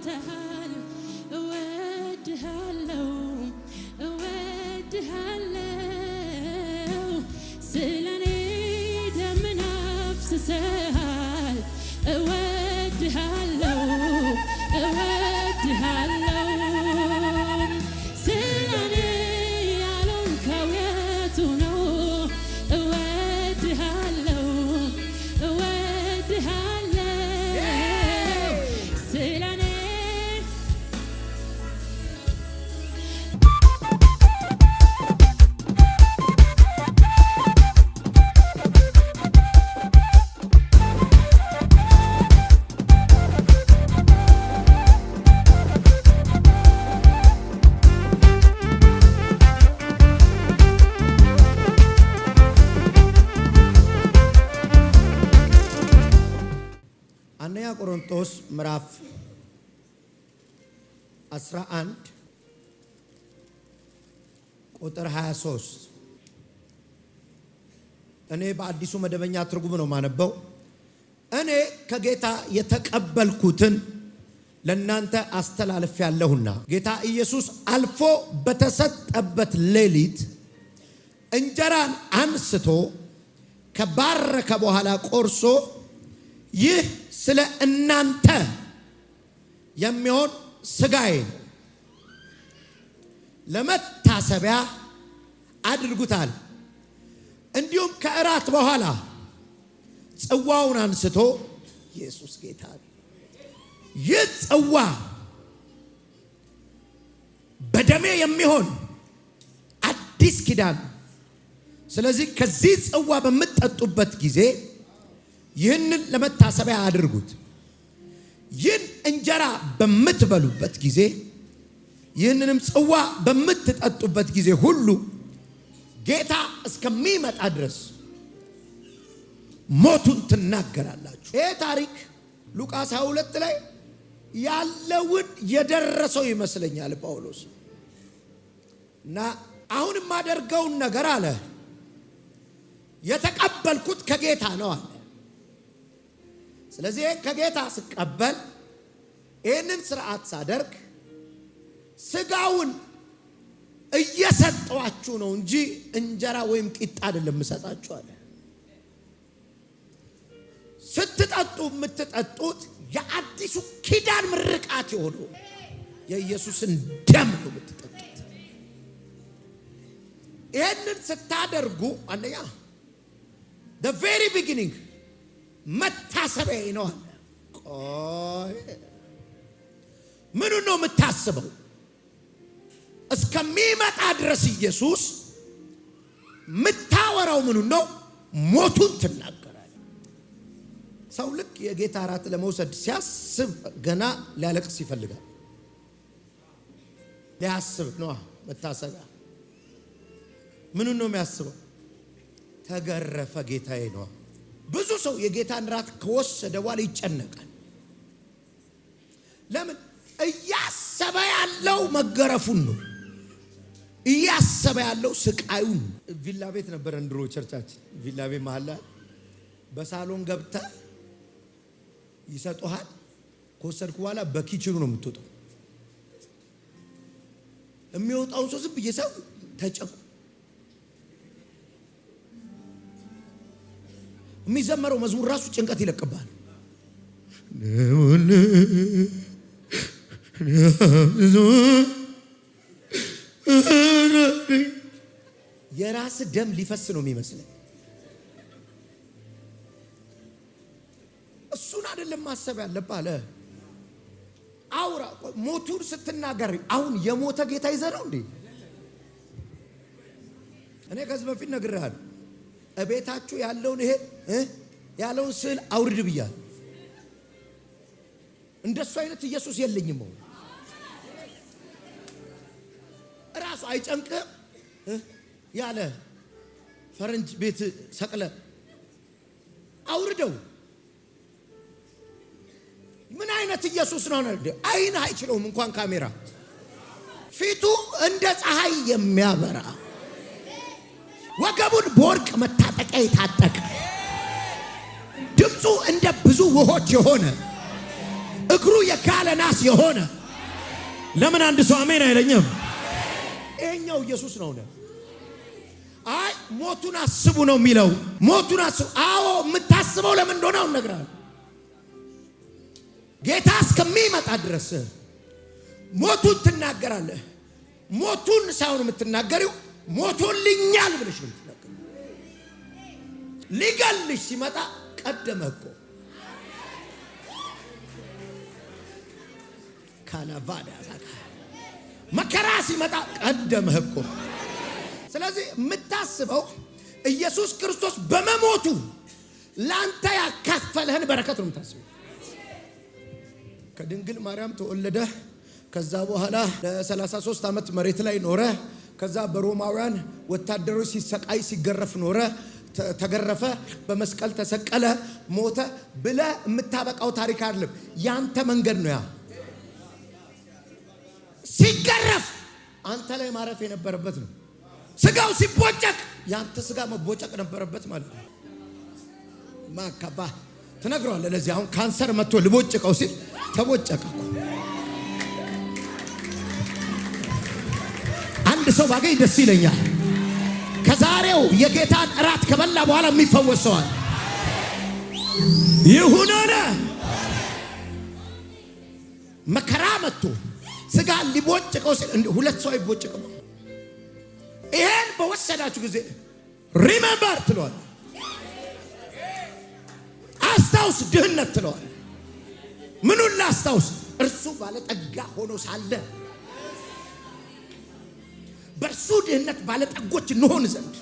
to her. ቆሮንቶስ ምዕራፍ 11 ቁጥር 23 እኔ በአዲሱ መደበኛ ትርጉም ነው የማነበው። እኔ ከጌታ የተቀበልኩትን ለእናንተ አስተላልፍ ያለሁና ጌታ ኢየሱስ አልፎ በተሰጠበት ሌሊት እንጀራን አንስቶ ከባረከ በኋላ ቆርሶ ይህ ስለ እናንተ የሚሆን ስጋይ ለመታሰቢያ አድርጉታል። እንዲሁም ከእራት በኋላ ጽዋውን አንስቶ ኢየሱስ ጌታ ይህ ጽዋ በደሜ የሚሆን አዲስ ኪዳን። ስለዚህ ከዚህ ጽዋ በምትጠጡበት ጊዜ ይህንን ለመታሰቢያ አድርጉት። ይህን እንጀራ በምትበሉበት ጊዜ ይህንንም ጽዋ በምትጠጡበት ጊዜ ሁሉ ጌታ እስከሚመጣ ድረስ ሞቱን ትናገራላችሁ። ይህ ታሪክ ሉቃስ 22 ላይ ያለውን የደረሰው ይመስለኛል ጳውሎስ እና አሁን የማደርገውን ነገር አለ የተቀበልኩት ከጌታ ነው አለ ስለዚህ ከጌታ ስቀበል ይህንን ስርዓት ሳደርግ ስጋውን እየሰጠዋችሁ ነው እንጂ እንጀራ ወይም ቂጣ አይደለም የምሰጣችሁ አለ። ስትጠጡ የምትጠጡት የአዲሱ ኪዳን ምርቃት የሆነው የኢየሱስን ደም ነው የምትጠጡት። ይህንን ስታደርጉ አንደኛ ቬሪ ቢግኒንግ መታሰቢያ ይነዋል። ቆይ ምኑ ነው የምታስበው? እስከሚመጣ ድረስ ኢየሱስ የምታወራው ምኑ ነው? ሞቱን ትናገራለህ። ሰው ልክ የጌታ እራት ለመውሰድ ሲያስብ ገና ሊያለቅስ ይፈልጋል። ሊያስብ ነው መታሰቢያ። ምኑ ነው የሚያስበው? ተገረፈ ጌታዬ ነዋ ብዙ ሰው የጌታን ራት ከወሰደ በኋላ ይጨነቃል። ለምን? እያሰበ ያለው መገረፉን ነው። እያሰበ ያለው ስቃዩን። ቪላ ቤት ነበረ ድሮ ቸርቻችን፣ ቪላ ቤት መሀል በሳሎን ገብታ ይሰጡሃል። ከወሰድኩ በኋላ በኪችኑ ነው የምትወጣው። የሚወጣውን ሰው ዝም ብዬ ሰው ተጨቁ የሚዘመረው መዝሙር ራሱ ጭንቀት ይለቅባል። የራስ ደም ሊፈስ ነው የሚመስለኝ። እሱን አይደለም ማሰብ ያለብህ አለ አውራ ሞቱን ስትናገር አሁን የሞተ ጌታ ይዘ ነው እንዴ? እኔ ከዚህ በፊት ነግርሃል። እቤታችሁ ያለውን ይሄ ያለውን ስዕል አውርድ ብያል። እንደሱ አይነት ኢየሱስ የለኝም። እራሱ አይጨንቅም ያለ ፈረንጅ ቤት ሰቅለ አውርደው። ምን አይነት ኢየሱስ ነው? አይን አይችለውም እንኳን ካሜራ ፊቱ እንደ ፀሐይ የሚያበራ ወገቡን በወርቅ መታጠቂያ የታጠቀ ድምፁ እንደ ብዙ ውሆች የሆነ እግሩ የጋለ ናስ የሆነ ለምን አንድ ሰው አሜን አይለኝም? ይሄኛው ኢየሱስ ነው። አይ ሞቱን አስቡ ነው የሚለው። ሞቱን አስቡ። አዎ የምታስበው ለምን እንደሆነ አሁን እነግርሃለሁ። ጌታ እስከሚመጣ ድረስ ሞቱን ትናገራለህ። ሞቱን ሳይሆን የምትናገሪው ሞቶልኛል ብለሽ ነው የምትናገር። ሊገልሽ ሲመጣ ቀደመህ እኮ ካለባዳ መከራ ሲመጣ ቀደመህ እኮ። ስለዚህ የምታስበው ኢየሱስ ክርስቶስ በመሞቱ ለአንተ ያካፈለህን በረከት ነው የምታስበው። ከድንግል ማርያም ተወለደ። ከዛ በኋላ ለ33 ዓመት መሬት ላይ ኖረ። ከዛ በሮማውያን ወታደሮች ሲሰቃይ ሲገረፍ ኖረ፣ ተገረፈ፣ በመስቀል ተሰቀለ፣ ሞተ ብለ የምታበቃው ታሪክ አይደለም። ያንተ መንገድ ነው ያ ሲገረፍ አንተ ላይ ማረፍ የነበረበት ነው። ስጋው ሲቦጨቅ ያንተ ስጋ መቦጨቅ ነበረበት ማለት ነው። ማካባ ትነግረዋለህ። ለዚህ አሁን ካንሰር መጥቶ ልቦጭቀው ሲል ተቦጨቀ። አንድ ሰው ባገኝ ደስ ይለኛል። ከዛሬው የጌታን እራት ከበላ በኋላ የሚፈወስ ሰዋል ይሁን ሆነ። መከራ መጥቶ ስጋ ሊቦጭቀው ሁለት ሰው አይቦጭቅም። ይሄን በወሰዳችሁ ጊዜ ሪመምበር ትለዋል፣ አስታውስ፣ ድህነት ትለዋል። ምኑን ላስታውስ? እርሱ ባለጠጋ ሆኖ ሳለ የድህነት ባለጠጎች እንሆን ዘንድ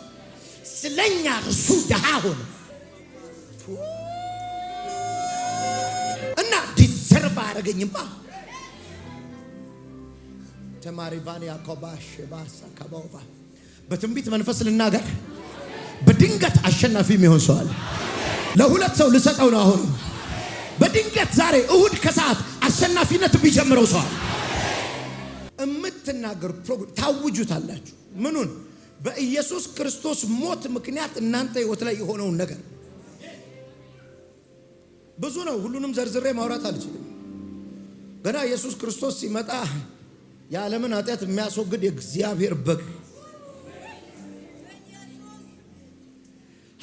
ስለኛ እርሱ ድሃ ሆነ እና ዲዘርቭ አያደርገኝማ። ተማሪ ባን ያኮባሽ ባሳ ከባውባ በትንቢት መንፈስ ልናገር፣ በድንገት አሸናፊ የሚሆን ሰዋል ለሁለት ሰው ልሰጠው ነው። አሁንም በድንገት ዛሬ እሁድ ከሰዓት አሸናፊነት የሚጀምረው ሰዋል። የምትናገሩ ታውጁታላችሁ። ምኑን? በኢየሱስ ክርስቶስ ሞት ምክንያት እናንተ ህይወት ላይ የሆነውን ነገር ብዙ ነው። ሁሉንም ዘርዝሬ ማውራት አልችልም። ገና ኢየሱስ ክርስቶስ ሲመጣ የዓለምን ኃጢአት የሚያስወግድ የእግዚአብሔር በግ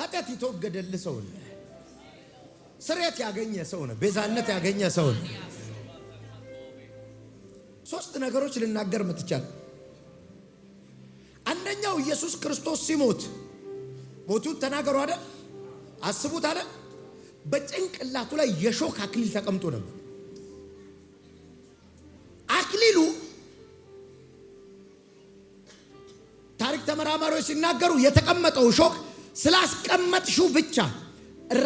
ኃጢአት የተወገደልህ ሰው ነህ። ስሬት ያገኘ ሰው ነህ። ቤዛነት ያገኘ ሰው ነህ። ሶስት ነገሮች ልናገር ምትቻል። አንደኛው ኢየሱስ ክርስቶስ ሲሞት ሞቱን ተናገሩ አይደል? አስቡት አለ። በጭንቅላቱ ላይ የሾክ አክሊል ተቀምጦ ነበር። አክሊሉ ታሪክ ተመራማሪዎች ሲናገሩ የተቀመጠው ሾክ ስላስቀመጥሹ ብቻ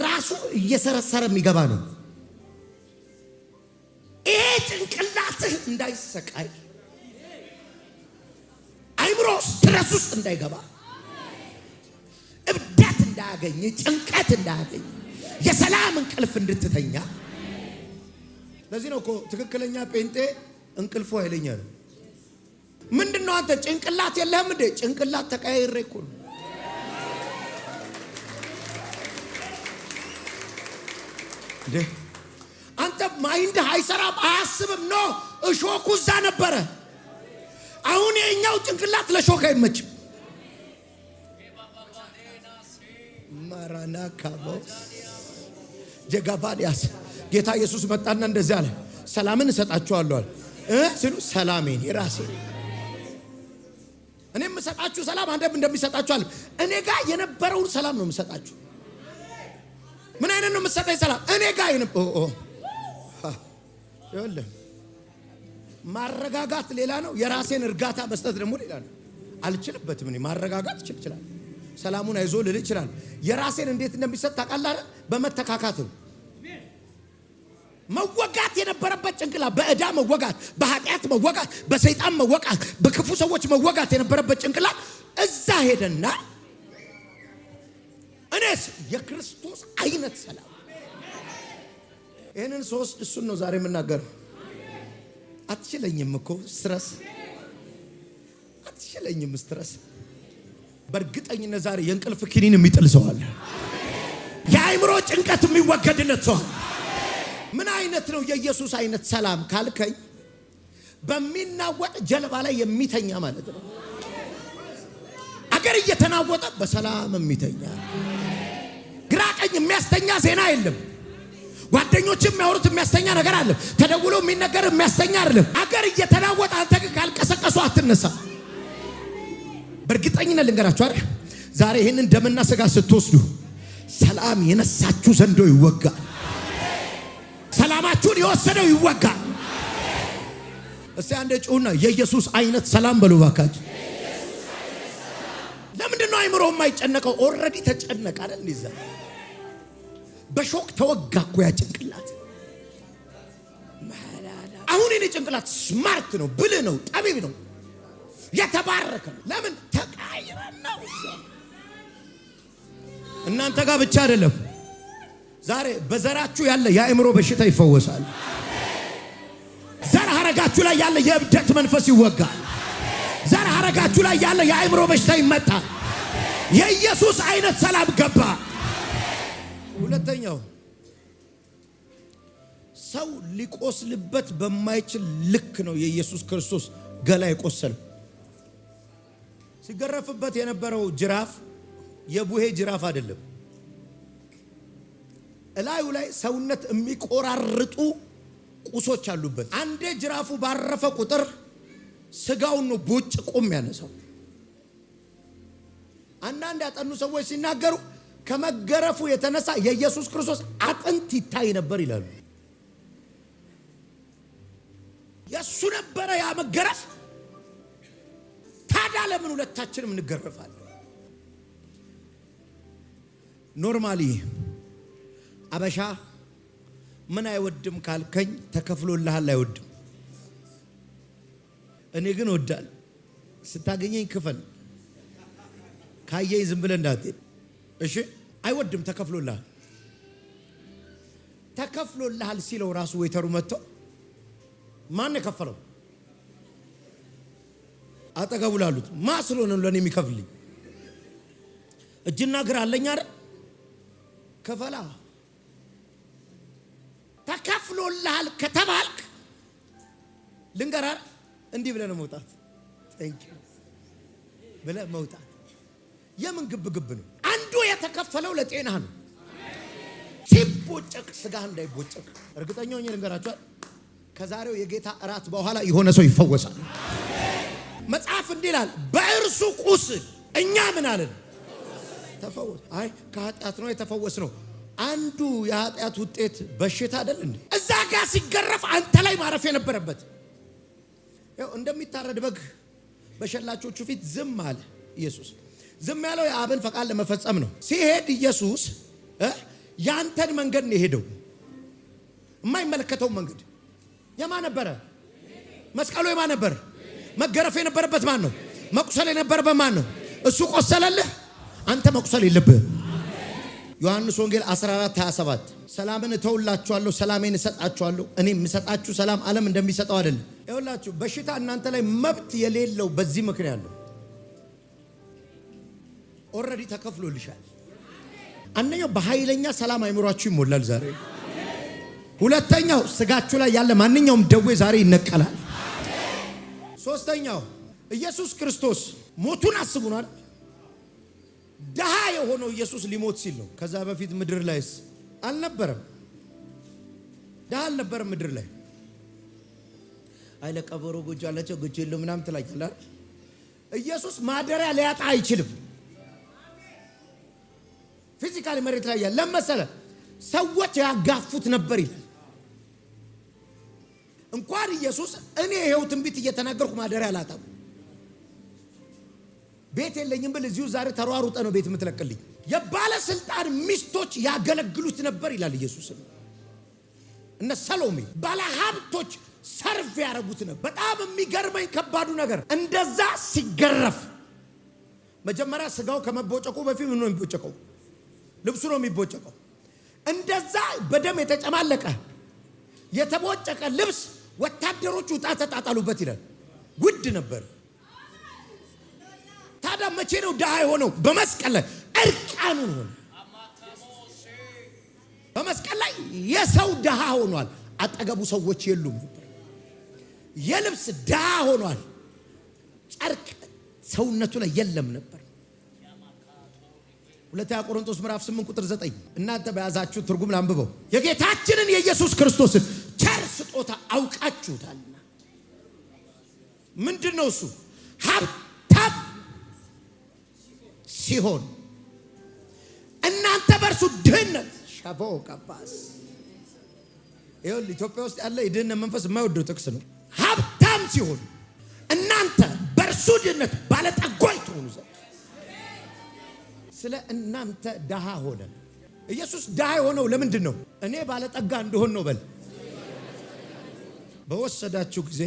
ራሱ እየሰረሰረ የሚገባ ነው። ውስጥህ እንዳይሰቃይ አይምሮ ስትረስ ውስጥ እንዳይገባ እብደት እንዳያገኝ፣ ጭንቀት እንዳያገኝ፣ የሰላም እንቅልፍ እንድትተኛ። ለዚህ ነው እኮ ትክክለኛ ጴንጤ እንቅልፎ ኃይለኛ ነው። ምንድን ነው አንተ ጭንቅላት የለህም እንዴ? ጭንቅላት ተቀያይሬ እኮ ነው። አንተ ማይንድህ አይሰራም፣ አያስብም ነው እሾኩ እዛ ነበረ። አሁን የእኛው ጭንቅላት ለሾክ አይመችም። ማራና ጀጋባዲያስ ጌታ ኢየሱስ መጣና እንደዚህ አለ፣ ሰላምን እሰጣችኋለሁ ሲሉ ሰላሜን የራሴ እኔ የምሰጣችሁ ሰላም አንደም እንደሚሰጣችሁ አለ። እኔ ጋ የነበረውን ሰላም ነው የምሰጣችሁ። ምን አይነት ነው የምሰጠኝ ሰላም? እኔ ጋር የነበ ማረጋጋት ሌላ ነው፣ የራሴን እርጋታ መስጠት ደግሞ ሌላ ነው። አልችልበትም። እኔ ማረጋጋት እችል ይችላል፣ ሰላሙን አይዞ ልል ይችላል። የራሴን እንዴት እንደሚሰጥ ታውቃለህ? በመተካካት ነው። መወጋት የነበረበት ጭንቅላት በእዳ መወጋት፣ በኃጢአት መወጋት፣ በሰይጣን መወጋት፣ በክፉ ሰዎች መወጋት የነበረበት ጭንቅላት እዛ ሄደና እኔስ የክርስቶስ አይነት ሰላም ይህንን ሶስት እሱን ነው ዛሬ የምናገረው። አትችለኝም እኮ ስትረስ አትችለኝም ስትረስ። በእርግጠኝነት ዛሬ የእንቅልፍ ኪኒን የሚጥል ሰዋል። የአእምሮ ጭንቀት የሚወገድለት ሰዋል። ምን አይነት ነው የኢየሱስ አይነት ሰላም ካልከኝ በሚናወጥ ጀልባ ላይ የሚተኛ ማለት ነው። አገር እየተናወጠ በሰላም የሚተኛ ግራ ቀኝ የሚያስተኛ ዜና የለም። ጓደኞች የሚያወሩት የሚያስተኛ ነገር አለ። ተደውሎ የሚነገር የሚያስተኛ አይደለም። አገር እየተናወጠ አንተ ግን ካልቀሰቀሱ አትነሳ። በእርግጠኝነት ልንገራችሁ አይደል፣ ዛሬ ይህንን ደምና ስጋ ስትወስዱ ሰላም የነሳችሁ ዘንዶ ይወጋል። ሰላማችሁን የወሰደው ይወጋል። እስቲ አንድ ጩና የኢየሱስ አይነት ሰላም በሉ ባካችሁ። ለምንድነው አይምሮ የማይጨነቀው? ኦልሬዲ ተጨነቀ አይደል? በሾክ ተወጋ እኮ ያ ጭንቅላት። አሁን የኔ ጭንቅላት ስማርት ነው፣ ብልህ ነው፣ ጠቢብ ነው፣ የተባረከ ነው። ለምን ተቃይረን ነው። እናንተ ጋር ብቻ አይደለም፣ ዛሬ በዘራችሁ ያለ የአእምሮ በሽታ ይፈወሳል። ዘር ሀረጋችሁ ላይ ያለ የእብደት መንፈስ ይወጋል። ዘር ሐረጋችሁ ላይ ያለ የአእምሮ በሽታ ይመጣል። የኢየሱስ አይነት ሰላም ገባ። ሁለተኛው ሰው ሊቆስልበት በማይችል ልክ ነው የኢየሱስ ክርስቶስ ገላ የቆሰለው። ሲገረፍበት የነበረው ጅራፍ የቡሄ ጅራፍ አይደለም። እላዩ ላይ ሰውነት የሚቆራርጡ ቁሶች አሉበት። አንዴ ጅራፉ ባረፈ ቁጥር ስጋውን ነው ቦጭ ቆም ያነሳው። አንዳንድ ያጠኑ ሰዎች ሲናገሩ ከመገረፉ የተነሳ የኢየሱስ ክርስቶስ አጥንት ይታይ ነበር ይላሉ። የእሱ ነበረ ያ መገረፍ። ታዲያ ለምን ሁለታችንም እንገረፋለን? ኖርማሊ አበሻ ምን አይወድም ካልከኝ፣ ተከፍሎልሃል አይወድም። እኔ ግን ወዳል? ስታገኘኝ ክፈል፣ ካየኝ ዝም ብለህ እንዳትሄድ እሺ አይወድም። ተከፍሎልሃል ተከፍሎልሃል ሲለው ራሱ ወይተሩ መጥቶ ማን የከፈለው አጠገቡ ላሉት ማ ስለሆነ ለእኔ የሚከፍልኝ እጅና እግር አለኝ አይደል? ክፈላ ተከፍሎልሃል ከተባልክ ልንገራር እንዲህ ብለን መውጣት ብለ መውጣት የምን ግብ ግብ ነው? የተከፈለው ለጤና ነው። ሲቦጨቅ ስጋ እንዳይቦጨቅ እርግጠኛ ሆኜ ልንገራችኋል። ከዛሬው የጌታ እራት በኋላ የሆነ ሰው ይፈወሳል። መጽሐፍ እንዲህ ይላል፣ በእርሱ ቁስል እኛ ምን አለን? ተፈወስ። አይ ከኃጢአት ነው የተፈወስ ነው። አንዱ የኃጢአት ውጤት በሽታ አይደል እንዴ? እዛ ጋር ሲገረፍ አንተ ላይ ማረፍ የነበረበት እንደሚታረድ በግ በሸላቾቹ ፊት ዝም አለ ኢየሱስ። ዝም ያለው የአብን ፈቃድ ለመፈጸም ነው። ሲሄድ ኢየሱስ ያንተን መንገድ ነው የሄደው፣ የማይመለከተው መንገድ። የማ ነበረ መስቀሉ? የማ ነበር? መገረፍ የነበረበት ማን ነው? መቁሰል የነበረበት ማን ነው? እሱ ቆሰለልህ፣ አንተ መቁሰል የለብህ። ዮሐንስ ወንጌል 14 27 ሰላምን እተውላችኋለሁ፣ ሰላሜን እሰጣችኋለሁ። እኔ የምሰጣችሁ ሰላም ዓለም እንደሚሰጠው አይደለም። ይኸውላችሁ በሽታ እናንተ ላይ መብት የሌለው በዚህ ምክንያት ነው። ኦልሬዲ ተከፍሎልሻል። አንደኛው በኃይለኛ ሰላም አይምሯችሁ ይሞላል ዛሬ። ሁለተኛው ስጋችሁ ላይ ያለ ማንኛውም ደዌ ዛሬ ይነቀላል። ሶስተኛው ኢየሱስ ክርስቶስ ሞቱን አስቡናል። ድሃ የሆነው ኢየሱስ ሊሞት ሲል ነው። ከዛ በፊት ምድር ላይስ አልነበረም፣ ድሃ አልነበረም ምድር ላይ አይለ ቀበሮ ጎጆ አላቸው ጎጆ የለው ምናምን ትላኛል። ኢየሱስ ማደሪያ ሊያጣ አይችልም። ፊዚካሊ መሬት ላይ ያለ ለመሰለ ሰዎች ያጋፉት ነበር ይላል። እንኳን ኢየሱስ እኔ ይሄው ትንቢት እየተናገርኩ ማደሪያ አላጣም። ቤት የለኝም ብል እዚሁ ዛሬ ተሯሩጠ ነው ቤት የምትለቅልኝ። የባለስልጣን ሚስቶች ያገለግሉት ነበር ይላል ኢየሱስ። እነ ሰሎሜ ባለሀብቶች ሰርፍ ያደረጉት ነበር። በጣም የሚገርመኝ ከባዱ ነገር እንደዛ ሲገረፍ መጀመሪያ ስጋው ከመቦጨቁ በፊት ምን ነው የሚቦጨቀው? ልብሱ ነው የሚቦጨቀው። እንደዛ በደም የተጨማለቀ የተቦጨቀ ልብስ ወታደሮቹ ዕጣ ተጣጣሉበት ይላል። ውድ ነበር። ታዲያ መቼ ነው ድሃ የሆነው? በመስቀል ላይ እርቃኑን ሆነ። በመስቀል ላይ የሰው ድሃ ሆኗል። አጠገቡ ሰዎች የሉም ነበር። የልብስ ድሃ ሆኗል። ጨርቅ ሰውነቱ ላይ የለም ነበር። ሁለተኛ ቆሮንቶስ ምዕራፍ 8 ቁጥር 9 እናንተ በያዛችሁ ትርጉም ላንብበው። የጌታችንን የኢየሱስ ክርስቶስን ቸር ስጦታ አውቃችሁታልና። ምንድን ነው እሱ? ሀብታም ሲሆን እናንተ በእርሱ ድህነት ሻቦ ቀባስ። ይኸውልህ ኢትዮጵያ ውስጥ ያለ የድህነት መንፈስ የማይወደው ጥቅስ ነው። ሀብታም ሲሆን እናንተ በእርሱ ድህነት ባለጠጎች ትሆኑ ዘንድ ስለ እናንተ ዳሃ ሆነ። ኢየሱስ ዳሃ የሆነው ለምንድን ነው? እኔ ባለጠጋ እንደሆን ነው። በል በወሰዳችሁ ጊዜ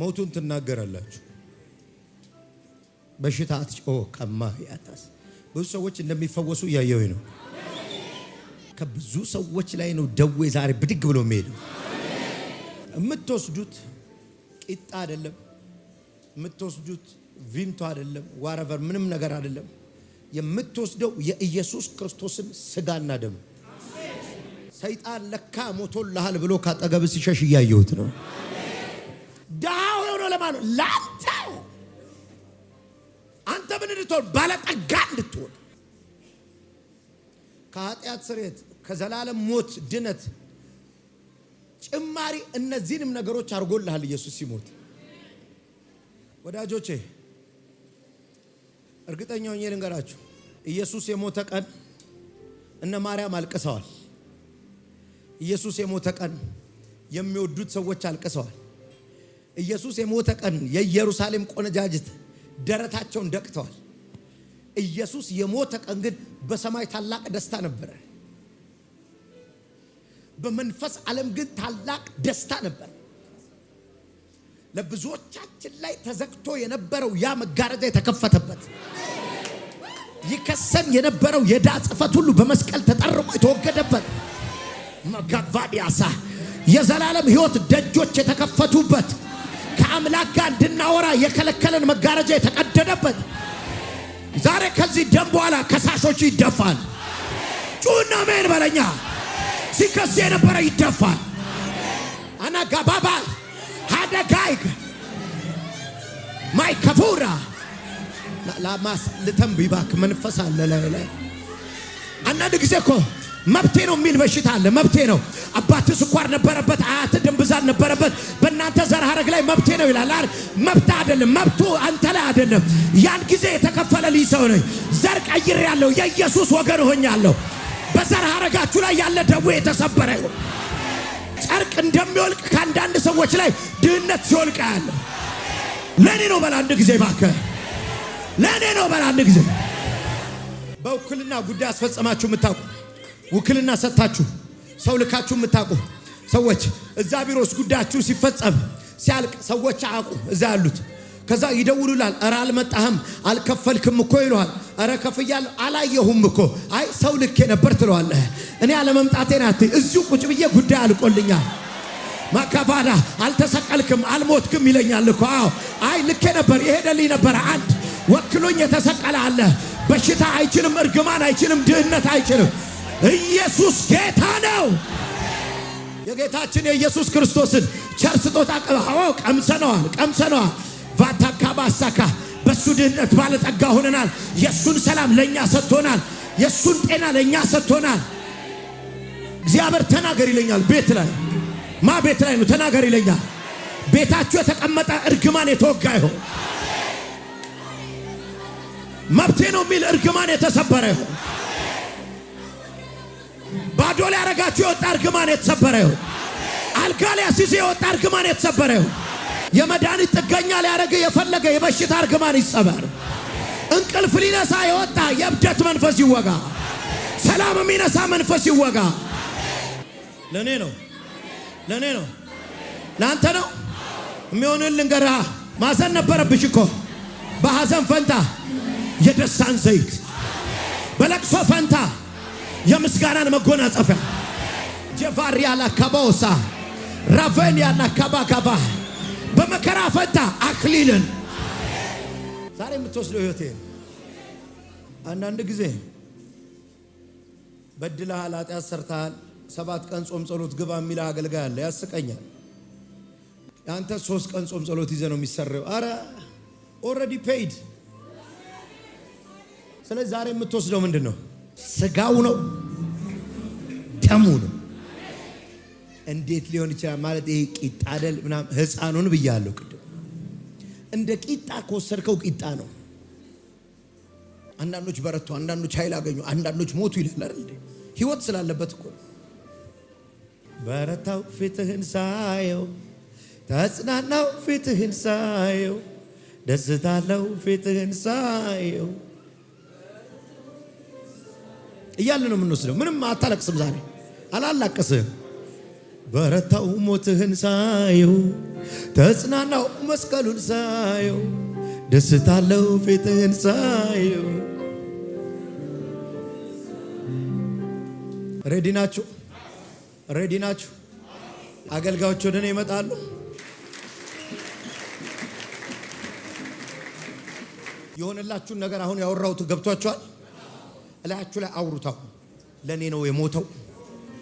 ሞቱን ትናገራላችሁ። በሽታ አትጮ ቀማ ያታስ ብዙ ሰዎች እንደሚፈወሱ እያየው ነው። ከብዙ ሰዎች ላይ ነው ደዌ ዛሬ ብድግ ብሎ የሚሄደው። የምትወስዱት ቂጣ አይደለም፣ የምትወስዱት ቪምቶ አይደለም፣ ዋረቨር ምንም ነገር አይደለም። የምትወስደው የኢየሱስ ክርስቶስን ስጋና ደም። ሰይጣን ለካ ሞቶልሃል ብሎ ካጠገብ ሲሸሽ እያየሁት ነው። ድሃ ሆኖ ለማን ለአንተ። አንተ ምን እንድትሆን? ባለጠጋ እንድትሆን ከኃጢአት ስርየት ከዘላለም ሞት ድነት ጭማሪ እነዚህንም ነገሮች አድርጎልሃል ኢየሱስ ሲሞት ወዳጆቼ እርግጠኛው እኔ ልንገራችሁ፣ ኢየሱስ የሞተ ቀን እነ ማርያም አልቅሰዋል። ኢየሱስ የሞተ ቀን የሚወዱት ሰዎች አልቅሰዋል። ኢየሱስ የሞተ ቀን የኢየሩሳሌም ቆነጃጅት ደረታቸውን ደቅተዋል። ኢየሱስ የሞተ ቀን ግን በሰማይ ታላቅ ደስታ ነበረ። በመንፈስ ዓለም ግን ታላቅ ደስታ ነበር። ለብዙዎቻችን ላይ ተዘግቶ የነበረው ያ መጋረጃ የተከፈተበት ይከሰን የነበረው የዳ ጽፈት ሁሉ በመስቀል ተጠርቆ የተወገደበት መጋቫዲያሳ የዘላለም ሕይወት ደጆች የተከፈቱበት ከአምላክ ጋር እንድናወራ የከለከለን መጋረጃ የተቀደደበት ዛሬ ከዚህ ደም በኋላ ከሳሾች ይደፋል። ጩና ሜን በለኛ ሲከስ የነበረ ይደፋል። አና ጋባባል አደጋይግ ማይ ላማስ ልተንብ ይባክ መንፈስ አለ ላይ ላይ አንዳንድ ጊዜ እኮ መብቴ ነው የሚል በሽታ አለ። መብቴ ነው አባት ስኳር ነበረበት፣ አያት ድንብዛል ነበረበት። በእናንተ ዘር ሐረግ ላይ መብቴ ነው ይላል። አር መብት አይደለም፣ መብቱ አንተ ላይ አይደለም። ያን ጊዜ የተከፈለ ልጅ ሰው ነኝ። ዘር ቀይር ያለው የኢየሱስ ወገን ሆኛለሁ። በዘር ላይ ያለ ደዌ የተሰበረ ይሁን። ጨርቅ እንደሚወልቅ ከአንዳንድ ሰዎች ላይ ድህነት ሲወልቅ ያለ ለእኔ ነው። በላንድ ጊዜ ባከ ለእኔ ነው። በላንድ ጊዜ በውክልና ጉዳይ አስፈጸማችሁ የምታውቁ ውክልና ሰጥታችሁ ሰው ልካችሁ የምታውቁ ሰዎች እዛ ቢሮ ውስጥ ጉዳያችሁ ሲፈጸም ሲያልቅ ሰዎች አቁ እዛ ያሉት ከዛ ይደውሉላል። እረ አልመጣህም፣ አልከፈልክም እኮ ይለዋል። እረ ከፍያለሁ፣ አላየሁም እኮ አይ ሰው ልኬ ነበር ትለዋለህ። እኔ አለመምጣቴ ናት እዚሁ ቁጭ ብዬ ጉዳይ አልቆልኛል። ማካባዳ አልተሰቀልክም አልሞትክም ይለኛል እኮ። አዎ አይ ልኬ ነበር የሄደልኝ ነበረ። አንድ ወክሎኝ የተሰቀለ አለ። በሽታ አይችልም፣ እርግማን አይችልም፣ ድህነት አይችልም። ኢየሱስ ጌታ ነው። የጌታችን የኢየሱስ ክርስቶስን ቸር ስጦታ ቀምሰነዋል ቀምሰነዋል። ቫታካ ባሳካ በእሱ ድህነት ባለጠጋ ሆነናል። የእሱን ሰላም ለእኛ ሰጥቶናል። የእሱን ጤና ለእኛ ሰጥቶናል። እግዚአብሔር ተናገር ይለኛል። ቤት ላይ ማ ቤት ላይ ነው ተናገር ይለኛል። ቤታችሁ የተቀመጠ እርግማን የተወጋ ይሆን መብቴ ነው የሚል እርግማን የተሰበረ ይሆን ባዶ ላይ ያረጋችሁ የወጣ እርግማን የተሰበረ ይሆን አልጋ ላይ አስይዞ የወጣ እርግማን የተሰበረ ይሆን የመድኃኒት ጥገኛ ሊያደረገ የፈለገ የበሽታ እርግማን ይሰበር። እንቅልፍ ሊነሳ የወጣ የእብደት መንፈስ ይወጋ። ሰላም የሚነሳ መንፈስ ይወጋ። ለእኔ ነው፣ ለእኔ ነው፣ ለአንተ ነው የሚሆንን ልንገራ ማዘን ነበረብሽ እኮ በሐዘን ፈንታ የደስታን ዘይት፣ በለቅሶ ፈንታ የምስጋናን መጎናጸፊያ ጀቫሪያላ ካባውሳ ራቬንያና ካባካባ በመከራ ፈንታ አክሊልን ዛሬ የምትወስደው ህይወቴ አንዳንድ ጊዜ በድለሃል፣ ኃጢአት ሰርተሃል። ሰባት ቀን ጾም ጸሎት ግባ የሚል አገልጋይ አለ። ያስቀኛል። አንተ ሶስት ቀን ጾም ጸሎት ይዘ ነው የሚሰራው። አረ ኦልሬዲ ፔይድ። ስለዚህ ዛሬ የምትወስደው ምንድን ነው? ስጋው ነው ደሙ ነው። እንዴት ሊሆን ይችላል ማለት ይሄ ቂጣ አይደል ምናምን ህፃኑን ብያለሁ ቅድም። እንደ ቂጣ ከወሰድከው ቂጣ ነው። አንዳንዶች በረቱ፣ አንዳንዶች ኃይል አገኙ፣ አንዳንዶች ሞቱ ይላል አይደል? ህይወት ስላለበት እኮ ነው በረታው ፊትህን ሳየው ተጽናናው ፊትህን ሳየው ደስታለው ፊትህን ሳየው እያለ ነው የምንወስደው። ምንም አታለቅስም ዛሬ አላላቅስህም። በረታው ሞትህን ሳየው ተጽናናው መስቀሉን ሳየው ደስታለው ፊትህን ሳየው ሬዲ ናችሁ? ሬዲ ናችሁ? አገልጋዮች ወደ እኔ ይመጣሉ። የሆነላችሁን ነገር አሁን ያወራሁት ገብቷችኋል። እላያችሁ ላይ አውሩታው። ለእኔ ነው የሞተው፣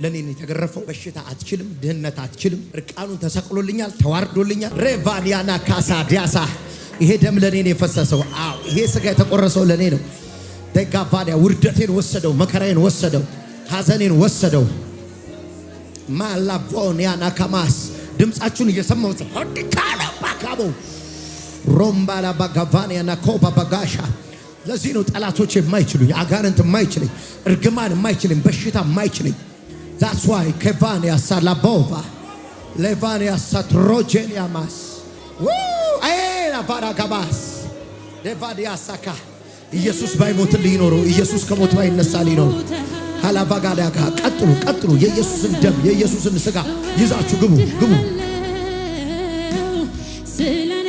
ለእኔ ነው የተገረፈው። በሽታ አትችልም፣ ድህነት አትችልም። እርቃኑን ተሰቅሎልኛል፣ ተዋርዶልኛል። ሬቫሊያና ካሳ ዲያሳ ይሄ ደም ለእኔ ነው የፈሰሰው። አዎ ይሄ ስጋ የተቆረሰው ለእኔ ነው። ደጋቫሊያ ውርደቴን ወሰደው፣ መከራዬን ወሰደው፣ ሀዘኔን ወሰደው። ማላቮኒያ ናካማስ ድምፃችሁን እየሰማው ሆድካላ ባካቦ ሮምባላ ባጋቫኒያ ናኮባ ባጋሻ ለዚህ ነው ጠላቶች የማይችሉ የአጋንንት የማይችለኝ እርግማን የማይችለኝ በሽታ የማይችለኝ ዛትስ ዋይ ከቫኒያ ሳላቦቫ ሌቫኒያ ሳትሮጄኒያ ማስ ቫራጋባስ ሌቫዲያ ሳካ ኢየሱስ ባይሞትልኝ ኖሮ ኢየሱስ ከሞት ባይነሳ ሊኖሩ ካላባጋዳ ጋር ቀጥሉ፣ ቀጥሉ። የኢየሱስን ደም የኢየሱስን ስጋ ይዛችሁ ግቡ፣ ግቡ። ስለኔ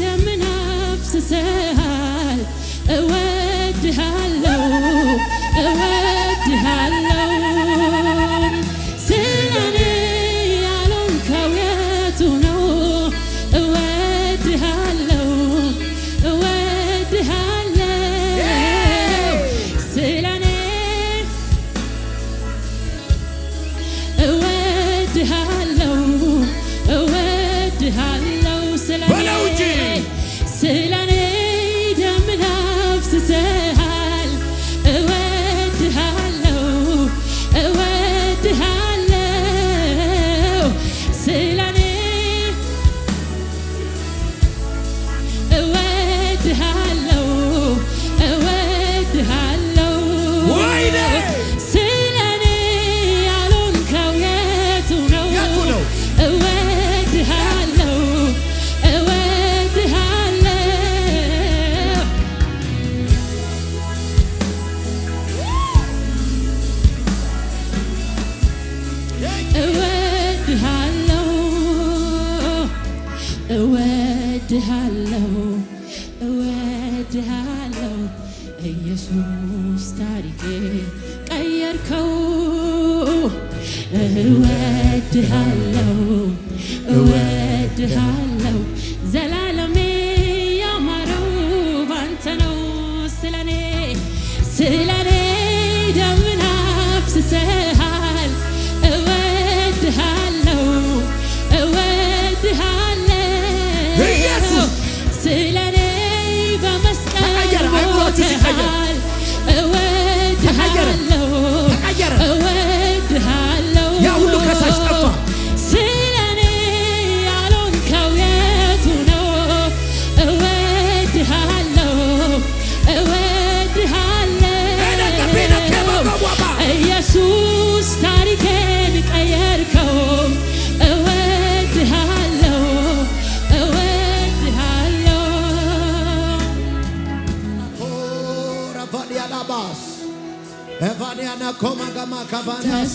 ደምን አፍስሰሃል፣ እወድሃ ራባንያና ኮማጋማ ካባንያሳ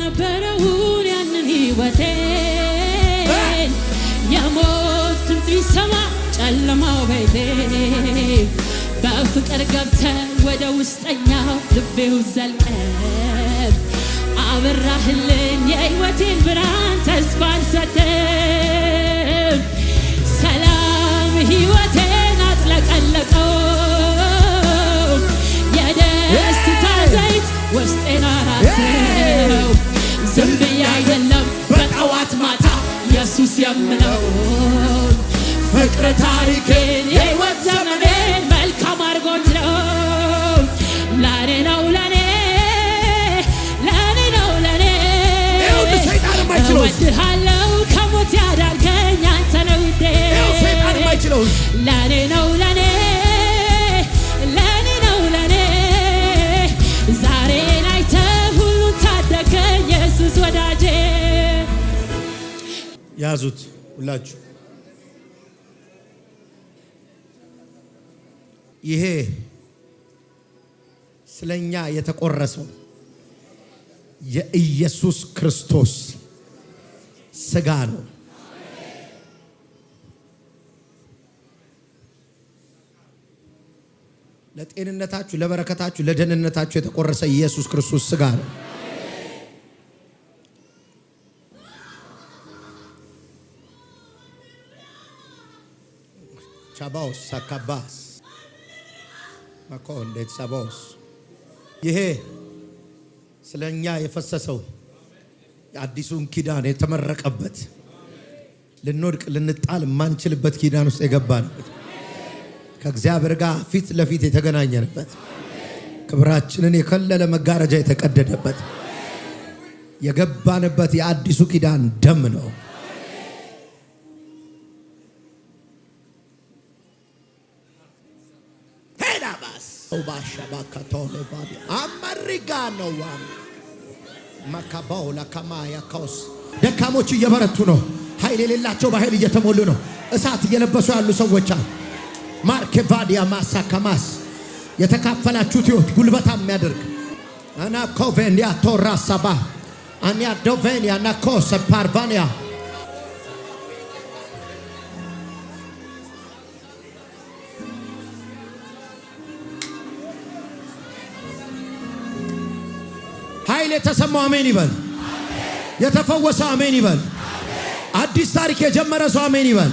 ነበረውን ያንን ህይወቴ የሞት ድምፅ ቢሰማ ጨለማው ቤቴ በፍቅር ገብተ ወደ ውስጠኛው ልቤው ዘልቀ አብራህልን የህይወቴን ብርሃን ታሪኬን የህይወት ዘመኔን መልካም አድርጎት ነው። ለኔ ነው ለኔ ለኔ ነው ለኔ እወድሃለው ከሞት ያዳንከኝ አንተ ነው ውዴ ለኔ ነው ለኔ ለኔ ነው ለኔ ዛሬን አይተ ሁሉን ታደገኝ ኢየሱስ ወዳጄ ያዙት ሁላችሁ ይሄ ስለኛ የተቆረሰው የኢየሱስ ክርስቶስ ስጋ ነው። ለጤንነታችሁ፣ ለበረከታችሁ፣ ለደህንነታችሁ የተቆረሰ ኢየሱስ ክርስቶስ ስጋ ነው። ቻባውስ ሳካባስ መኮሌት ሰቦስ ይሄ ስለ እኛ የፈሰሰው የአዲሱን ኪዳን የተመረቀበት ልንወድቅ ልንጣል የማንችልበት ኪዳን ውስጥ የገባንበት ከእግዚአብሔር ጋር ፊት ለፊት የተገናኘንበት ክብራችንን የከለለ መጋረጃ የተቀደደበት የገባንበት የአዲሱ ኪዳን ደም ነው። ኦባሻባካቶሌባዲ ደካሞች እየበረቱ ነው። ኃይል የሌላቸው በኃይል እየተሞሉ ነው። እሳት እየለበሱ ያሉ ሰዎች አሉ። ማርኬ ቫዲያ ማሳ ከማስ የተካፈላችሁት ህይወት ጉልበታም የሚያደርግ አና ኮቬንያ ቶራ ሰባ አኒያ ዶቬንያ ናኮሰ ፓርቫንያ ኃይል የተሰማው አሜን ይበል። የተፈወሰ አሜን ይበል። አዲስ ታሪክ የጀመረ ሰው አሜን ይበል።